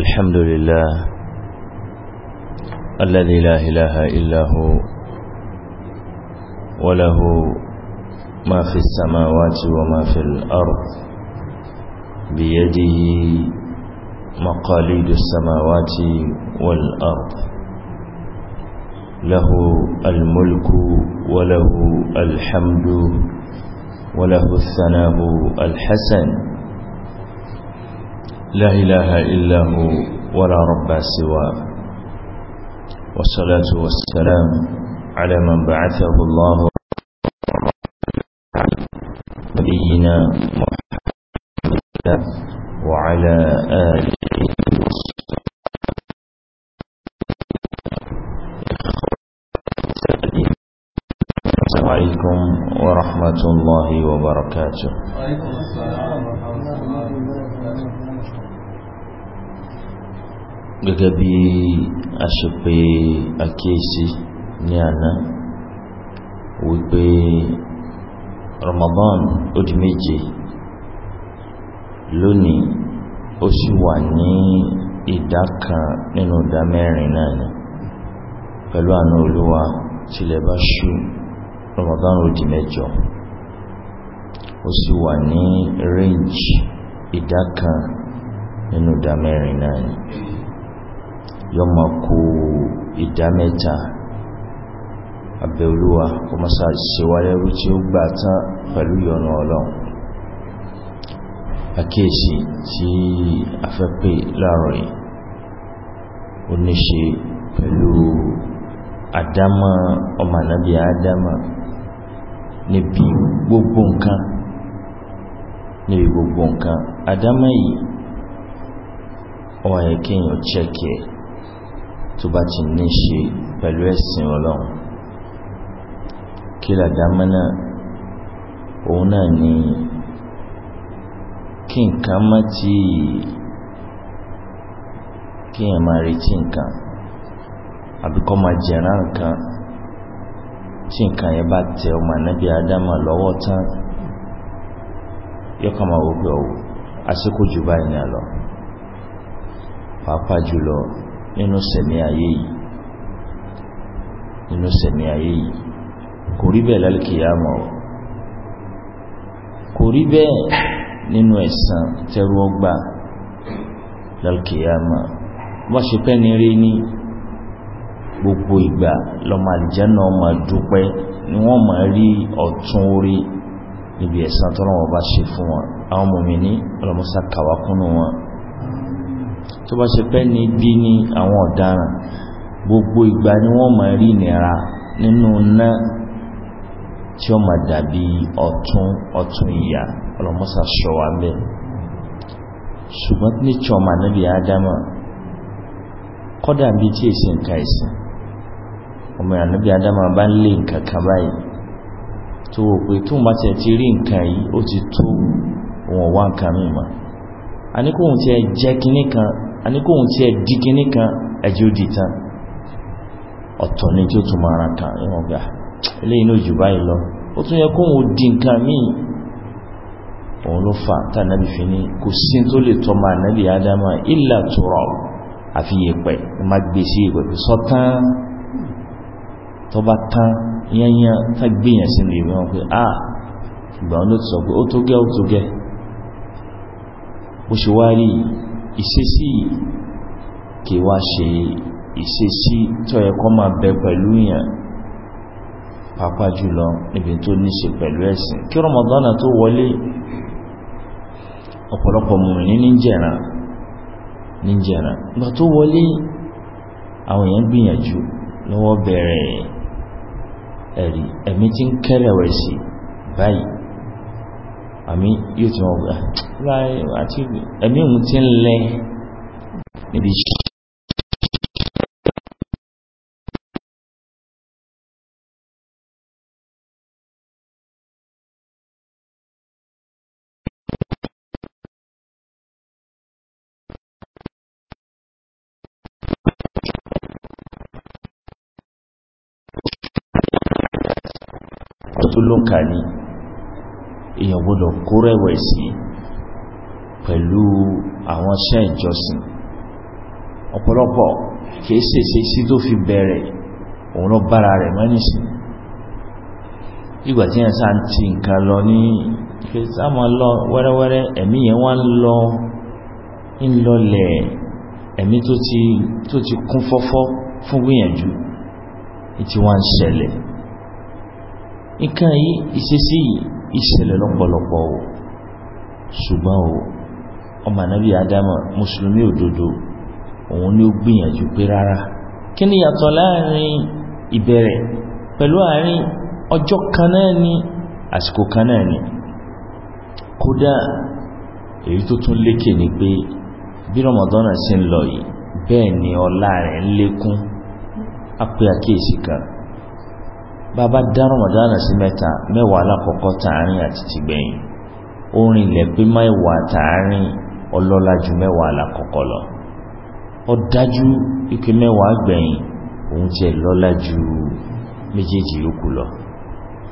الحمد لله الذي لا إله إلا هو وله ما في السماوات وما في الأرض بيده مقاليد السماوات والأرض له الملك وله الحمد وله الثناء الحسن لا إله إلا هو ولا رب سواه والصلاة والسلام على من بعثه الله نبينا محمد وعلى آله السلام عليكم ورحمة الله وبركاته gẹ́gẹ́ bí a ṣe pé àkíyèsí ní àná wípé Ramadan ó di méje lónìí ó sì wà ní ìdá kan nínú ìdá mẹ́rin náà ni pẹ̀lú àánú olúwa tilẹ̀ bá ṣú Ramadan ó di mẹ́jọ ó sì wà ní range ìdá kan nínú ìdá mẹ́rin náà ni yọ mọ̀ kó ìdá mẹ́ta abẹ́ olúwa kọ mọ́sá ṣewárẹ́rú tí ó gbà tán pẹ̀lú yọ̀nà ọlọ́run àkíyèsí tí a fẹ́ pè láàrọ̀ yìí ó ní ṣe pẹ̀lú àdámọ́ ọmọ ànábì àdámọ́ níbi gbogbo nǹkan níbi gbogbo nǹkan àdámọ́ yìí ọwọ́ ayẹ́kẹ́yìn ọ̀chẹ́kẹ́ tó bá ti ní ṣe pẹ̀lú ẹ̀sìn ọlọ́run kí làdámọ́ náà òun náà ni kí nǹkan má tí kí èèyàn máa retí nǹkan àbí kọ́ máa jẹ̀rá nǹkan tí nǹkan yẹn bá tẹ ọmọ ànábì ádámà lọ́wọ́ tán yọkà máa wò ọ̀wọ́ àsìkò jù báyìí ní àlọ́ pàápàá jùlọ nínú sẹ̀mí ayé yìí nínú sẹ̀mí ayé yìí kò rí bẹ́ẹ̀ lálùkìyàmọ̀ kò rí bẹ́ẹ̀ nínú ẹ̀san tẹ́rù ọgbà lálùkìyàmọ̀ wọ́n ṣe pẹ́ ní rí ní gbogbo ìgbà lọ́mọ àlìjáná ọmọ dúpẹ́ ni wọ́n máa rí ọ̀tún orí níbi ẹ̀san tọ́lọ́wọ́ bá ṣe fún wọn àwọn mòmìnì ọlọ́mọsá kàwákúnnú wọn tó bá ṣe pẹ́ ní bí ní àwọn ọ̀daràn gbogbo ìgbà ni wọ́n máa rí ìnira nínú ná tí ó máa dàbí ọ̀tún ọ̀tún ìyà ọlọ́mọ́sà ṣọwà bẹ́ẹ̀ ṣùgbọ́n ní chọ́mà níbi ádámà kọ́dà bí tí èsì nǹkan ìsìn ọmọ ìrànlẹ́bí ádámà bá ń lè nǹkan kan báyìí tó wò pé tó bá tẹ̀ ti rí nǹkan yìí ó ti tó òun ọ̀wá nǹkan mímọ̀ a ní kóhun ti ẹ jẹ́ kinní kan a ní kóhun tí ẹ dí kíní kan ẹjí ó dì tán ọ̀tọ̀ ní tí ó tún mara kan ẹ̀wọ̀n gbà ah, eléyìí ló jù báyìí lọ ó tún yẹ kóhun dì nǹkan míì òun ló fà tá nábì fi ní kò sí tó lè tọ́ máa nábì ádámà ìlà tòrọ àfi yẹpẹ̀ má gbé sí yẹpẹ̀ fi sọ tán tó bá tán yányán tá gbéyàn sí ní ìwé wọn pé a ah. ìgbà wọn ló ti sọ pé ó tó gẹ́ ó tó gẹ́ ó ṣe wá rí yìí ìṣesí kì wá ṣe ìṣesí tó yẹ kó máa bẹ pẹ̀lú yàn pàápàá jùlọ níbi tó ní ṣe pẹ̀lú ẹ̀sìn kí rọmọdánà tó wọlé ọ̀pọ̀lọpọ̀ mùmìnì níjẹ̀ra níjẹ̀ra nígbà tó wọlé àwọn èèyàn gbìyànjú lọ́wọ́ bẹ̀rẹ̀ ẹ̀rí ẹ̀mí tí ń kẹ́rẹ̀wẹ̀sì báyìí àmì yóò ti wọ́n gbà ah, láì àti ẹ̀mí òun ti ń lẹ níbi ṣe tó ló kà ní èèyàn gbọ́dọ̀ kó rẹ̀wẹ̀sì pẹ̀lú àwọn iṣẹ́ ìjọsìn ọ̀pọ̀lọpọ̀ kìí ṣèṣe sí tó fi bẹ̀rẹ̀ òun lọ bára rẹ̀ mọ́nìsìn ìgbà tí yẹn sá ń ti nǹkan lọ ní ìfẹsámọ lọ wẹ́rẹ́wẹ́rẹ́ ẹ̀mí yẹn wá ń lọ ń lọlẹ̀ ẹ̀mí tó ti kún fọ́fọ́ fún gbìyànjú tí wọ́n ń ṣẹlẹ̀ nǹkan yìí ìṣesí yìí ìṣẹ̀lẹ̀ lọ́pọ̀lọpọ̀ o ṣùgbọ́n o ọmọ ànábì ádámà mùsùlùmí òdodo òun ni ó gbìyànjú pé rárá kí ni yàtọ̀ láàrin ìbẹ̀rẹ̀ pẹ̀lú àárín ọjọ́ kan náà ni àsìkò kan náà ni kódà èyí tó tún lékè ni pé bí rọmọdọ́nà sí ń lọ yìí bẹ́ẹ̀ ni ọlá rẹ̀ ń lékún á pé àkíyèsí kan bàbá dá ramadana sí mẹ́ta mẹ́wàá alákọ̀ọ́kọ́ tààrin àti tìgbẹ̀yìn orin ilẹ̀ pé mẹ́wàá tààrin ọlọ́lá ju mẹ́wàá alákọ̀ọ́kọ́ lọ ó dájú ike mẹ́wàá gbẹ̀yìn òun tiẹ̀ lọ́lá ju méjèèjì yòókù lọ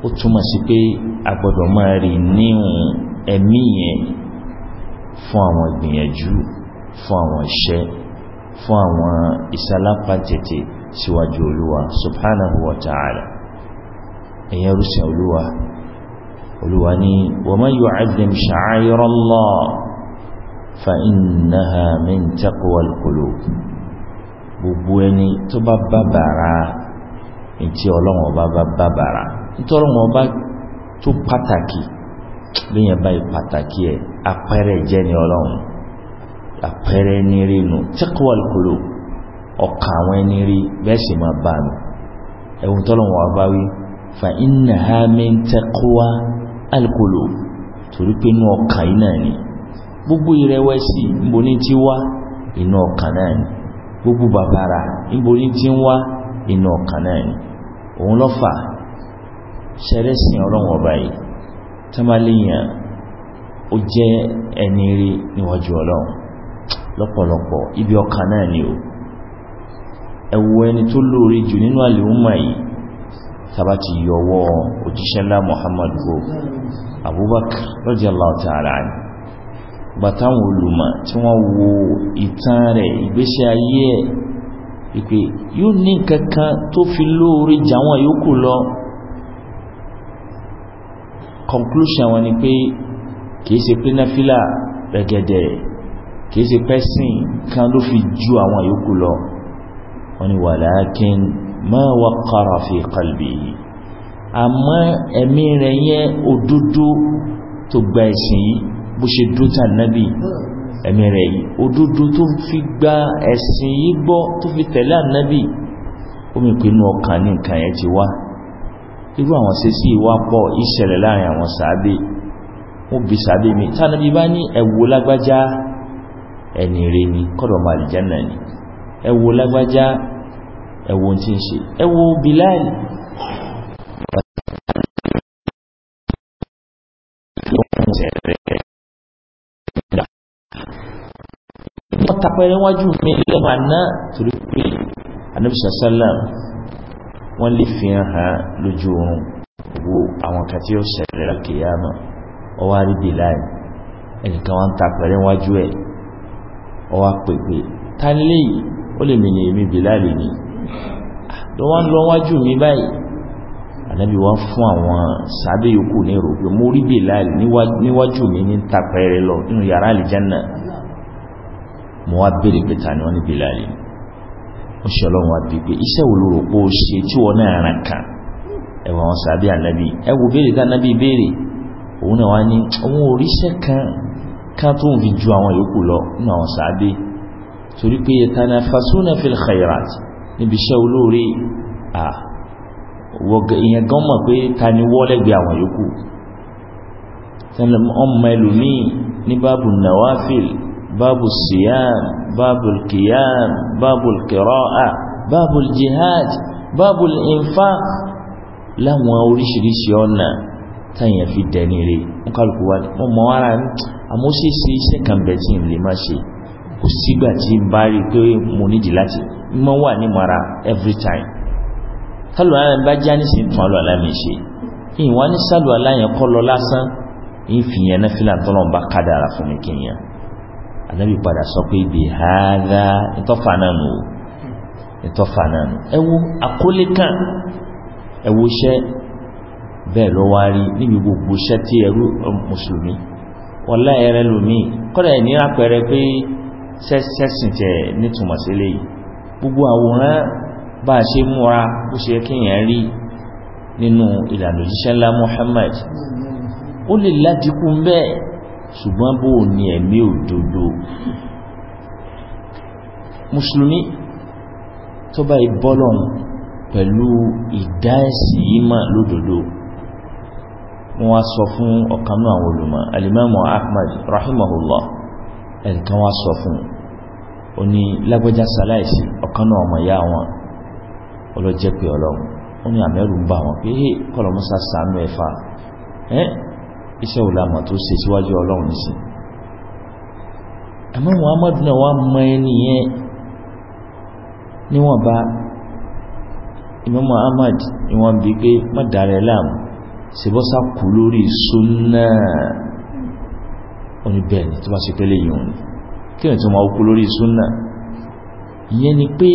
ó túmọ̀ sí pé a gbọ́dọ̀ máa rí níhun ẹ̀mí yẹn fún àwọn ìgbìyànjú fún àwọn iṣẹ́ fún àwọn ìsálápá tètè síwájú olúwa subhanahu wa ta'ala ẹ̀yẹn rúsẹ̀ olúwa olúwa ni wa man yu'azzim sha'aira Allah fa innaha min taqwal qulub gbogbo ẹni tó bá bàbàrà ètí ọlọ́wọ́n ọba bá bàbàrà nítorí wọn bá tó pàtàkì lẹ́yìn báyìí pàtàkì ẹ̀ apẹ́rẹ́ jẹ́ ni ọlọ́run apẹ́rẹ́ ní rí nu taqwal qulub àwọn ẹni rí bẹ́ẹ̀ sì máa bá a nù ẹ̀wùn tọ́lọ́wọ́n ọba wí. fa innaha min taqwa alqulub torí pé inú ọkàn yìí ni gbogbo ìrẹ̀wẹ̀sì níbo ní ti wá inú ọkàn náà ni gbogbo babara níbo ti ń wá inú ọkàn náà ni òun ló fà ṣẹrẹsìn ọlọ́wọ̀n ọba yìí tẹ́málẹ́yìn ó jẹ́ ẹni rí níwájú ọlọ́run ibi ọkàn náà ni o ẹ̀wọ̀ ẹni tó lóore jù nínú àlèhùnmá yìí tàbá ti yọwọ́ òjíṣẹ́lá muhammad go abubakar radiyallahu ta'ala anhu gbàtàwọn olùmọ̀ tí wọ́n wo ìtàn rẹ̀ ìgbésẹ̀ ayé ẹ̀ ìpè yóò ní kankan tó fi lóore jàwọn yòókù lọ conclusion wọn ni pé kìí ṣe pé náfílà rẹ̀gẹ̀dẹ̀ kìí ṣe pẹ́sìn kan ló fi ju àwọn yòókù lọ wọ́n ni walakin ma waqara fi qalbihi àmọ́ ẹ̀mí rẹ̀ yẹ òdodo tó gba ẹ̀sìn yìí bó ṣe dúta nábì ẹ̀mí rẹ̀ yìí òdodo tó fi gba ẹ̀sìn yìí gbọ́ tó fi tẹ̀lé ànábì omi pinnu ọkàn ní nǹkan yẹn ti wá irú àwọn sẹ́sí ìwá pọ̀ ìṣẹ̀lẹ̀ láàrin àwọn sàábé wọ́n bí sàábé mi tánàbí bá ní ẹ̀wò lágbájá ẹni ni kọ́dọ̀ máa lè jẹ́ náà ni lágbájá ẹwọ tí ń ṣe ẹwọ Bilal wọ́n tapẹ̀rẹ̀ wájú ní ilẹ̀ àná torí pé anábìsà sálàm wọ́n lè fi hàn lójú oorun wo àwọn kan tí ó ṣẹlẹ̀ lákìyàmà ọwá rí Bilal ẹnìkan wọ́n tapẹ̀rẹ̀ wájú ẹ̀ ọwá pèpè tán léyìí ó lè mìíràn èmi Bilal ni lọ wá ń lọ wájú mi báyìí ànábì wá fún àwọn sàábé yòókù ní èrò pé mo rí Bilal níwájú mi ní tapẹ̀rẹ̀ lọ nínú yàrá àlìjánà mo wá béèrè pé ta ni wọ́n ní Bilal ó ṣe ọlọ́run wá bí pé iṣẹ́ wo ló rò pé ó ṣe tí wọ́n náà ràn kàn ẹ̀wọ̀n àwọn sàábé ànábì ẹ wo béèrè tá ànábì béèrè òun náà wá ní òun òríṣẹ́ kan ká tó ń fi ju àwọn yòókù lọ nínú àwọn sàábé torí pé yatanafasuna fil khairat níbi iṣẹ́ olóore ìyẹn gan mọ̀ pé ta ni wọ́lẹ́gbẹ̀ẹ́ àwọn yòókù ọmọ ẹlòmíì ní báàbù nawafil báàbù siyam báàbù kiyam báàbù kìrọ́à báàbù jihad báàbù infaq láwọn oríṣiríṣi ọ̀nà táyàn fi dẹni rè wọ́n kálukú wá wọ́n mọ ara ní àmọ́ ṣe ṣe iṣẹ́ kan bẹ̀ tí n lè má ṣe kò sígbà tí bá rí pé mo nídìí láti mọ́ wà ní mara every time tálù àlá bá já ní sin tún àlọ́ àlá mi ṣe ìyìn wá ní sálù àlá yẹn kọ́ lọ lásán ìfìyàn náà fílà tọ́lọ̀ bá kádàrà fún mi kìnyàn ànábì padà sọ pé ibi hàdá ìtọ́fà náà nù ìtọ́fà náà nù ẹ wo àkólé kan ẹ wo iṣẹ́ lọ wá rí níbi gbogbo iṣẹ́ tí ẹrú mùsùlùmí wọlá ẹrẹ lómi kọ́dà ẹ̀ ní apẹẹrẹ pé sẹ́sìn tẹ̀ nítumọ̀ sí léyìí gbogbo àwòrán bá a ṣe múra ó ṣe kíyàn rí nínú ìlànà òjíṣẹ́ ńlá Muhammad ó lè ládìkú bẹ́ẹ̀ ṣùgbọ́n bó ní ẹ̀mí òdodo mùsùlùmí tó bá ìbọ́lọ̀n pẹ̀lú ìdáẹ̀sì ìmọ̀ lódodo wọ́n wá sọ fún ọ̀kanú àwọn olùmọ̀ alimamu Ahmad rahimahullah ẹnìkan wá sọ fún un ó ní lágbẹ́já sàláìsí ọ̀kan náà ọmọ ìyá wọn ọlọ́jẹ́ pé ọlọ́run ó ní àmẹ́rù ń bá wọn pé é kọlọmọ́sá sàánú ẹ̀fà ẹ́ iṣẹ́ òlàmọ̀ tó ṣe síwájú ọlọ́run nísìn àmọ́ Muhammadu náà wá mọ ẹni yẹn níwọ̀n bá Imam Ahmad ni wọ́n bí pé má dàrẹ́ láàmú ṣèbọ́sá kù lórí sunna oníbẹ̀ẹ́ni tó bá ṣe pẹ́lẹ́ yìí òun ni kíyàn tí wọ́n kú lórí súnà ìyẹn ni pé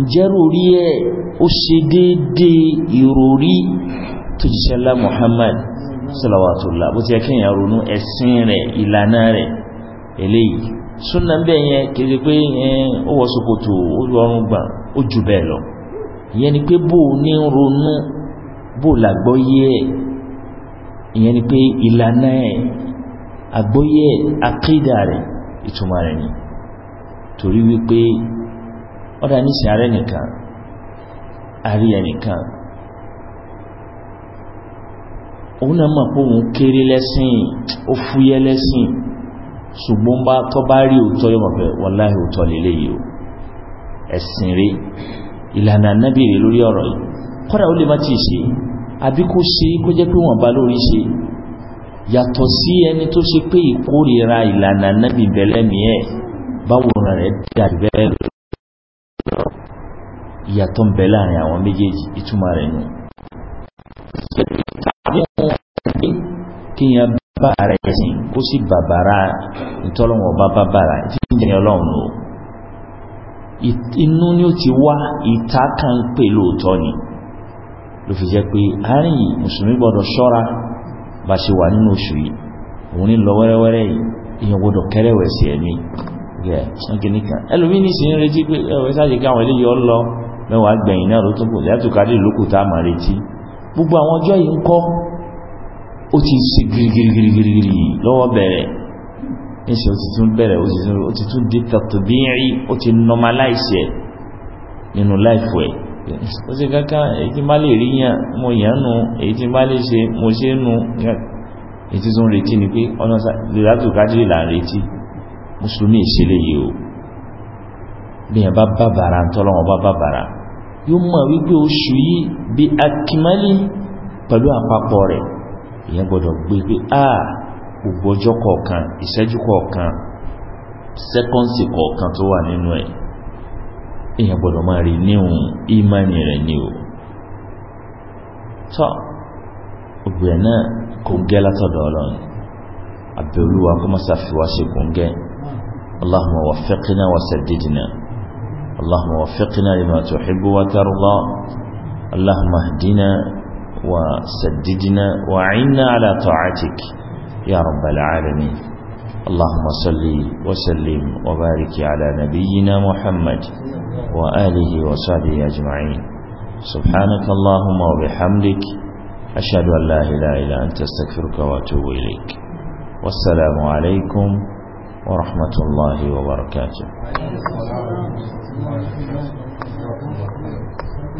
ìjẹ́rò orí ẹ̀ ó ṣe déédé ìròrí tó jíṣẹ́ lá Muhammad salawatullah bó ti yẹ kíyàn ronú ẹ̀sìn rẹ̀ ìlànà rẹ̀ eléyìí súnà bẹ́ẹ̀ yẹn kéré pé ó wọ ṣòkòtò ó rọrùn gbà ó jù bẹ́ẹ̀ lọ ìyẹn ni pé bó ní ronú bó làgbọ́yé ẹ̀ ìyẹn ni pé ìlànà ẹ̀ àgbọ́yé àkídà rẹ̀ ìtumọ̀ rẹ̀ ni torí wípé ọ̀dà níṣẹ́ ààrẹ nìkan àrí ẹnìkan òun náà mọ̀ pé òun kéré lẹ́sìn ó fúyẹ́ lẹ́sìn ṣùgbọ́n bá tọ́ bá rí òótọ́ yọmọ̀ pé wàláhì òótọ́ lélẹ̀ yìí ẹ̀sìn rí ìlànà nábì lórí ọ̀rọ̀ yìí kọ́dà ó lè má ti ṣe àbí kó ṣe kó jẹ́ pé wọ́n bá lórí ṣe yàtọ̀ sí ẹni tó ṣe pé ìkórìíra ìlànà nábì bẹ̀lẹ́mì ẹ̀ báwo rẹ̀ dàbí bẹ́ẹ̀ lọ ìyàtọ̀ ń bẹ láàrin àwọn méjèèjì ìtumọ̀ rẹ̀ nù kíyàn bá ara ẹ̀sìn kó sì bàbára ìtọ́lọ́wọ̀n bá bàbára tí ń jẹ́ ọlọ́run o inú ni ó ti wá ìta kan lóòótọ́ ni ló fi jẹ́ pé àárín mùsùlùmí gbọ́dọ̀ ṣọ́ra bá ṣe wà nínú oṣù yìí òun ní lọ wẹ́rẹ́wẹ́rẹ́ yìí èèyàn gbọ́dọ̀ kẹ́rẹ̀wẹ̀sì ẹ̀mí rẹ̀ ṣáàkì nìkan ẹlòmí ní sí ń retí pé ẹ̀wẹ̀ sáàjì kí àwọn eléyìí ọ lọ mẹ́wàá gbẹ̀yìn náà ló tó kù lẹ́yà tó kárí lókù tá a máa retí gbogbo àwọn ọjọ́ yìí kò sí kankan èyí tí má lè rí yàn mo yàn nù èyí tí má lè ṣe mo ṣe nù èyí tí tún retí ni pé ọ̀nà lèrátù kájírí là ń retí mùsùlùmí ìṣẹ̀lẹ̀ yìí bí yàn bá bàbàrà ń bá bàbàrà yóò mọ̀ wípé oṣù yìí bí akimali pẹ̀lú àpapọ̀ rẹ̀ ìyẹn gbọ́dọ̀ gbé pé a gbogbo ọjọ́ kọ̀ọ̀kan ìṣẹ́jú kọ̀ọ̀kan sẹ́kọ́ǹsì kọ̀ọ̀kan tó wà nínú ẹ̀ èèyàn gbọ́dọ̀ máa rí níhùn ìmánì rẹ̀ ni o tọ́ ògbè náà kò gẹ́ látọ̀dọ̀ ọlọ́run àbẹ̀olúwa kó má ṣàfiwá ṣe kò ń gẹ́ اللهم وفقنا وسددنا اللهم وفقنا لما تحب وترضى اللهم اهدنا وسددنا وعنا على طاعتك يا رب العالمين اللهم صل وسلم وبارك على نبينا محمد وآله وصحبه أجمعين سبحانك اللهم وبحمدك أشهد أن لا إله إلا أنت استغفرك وأتوب إليك والسلام عليكم ورحمة الله وبركاته